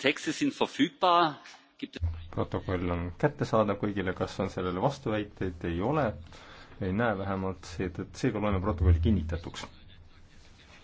Texte sind verfügbar. protokoll on kättesaadav kõigile, kas on sellele vastuväiteid, ei ole, ei näe vähemalt, seetõttu seega loeme protokolli kinnitatuks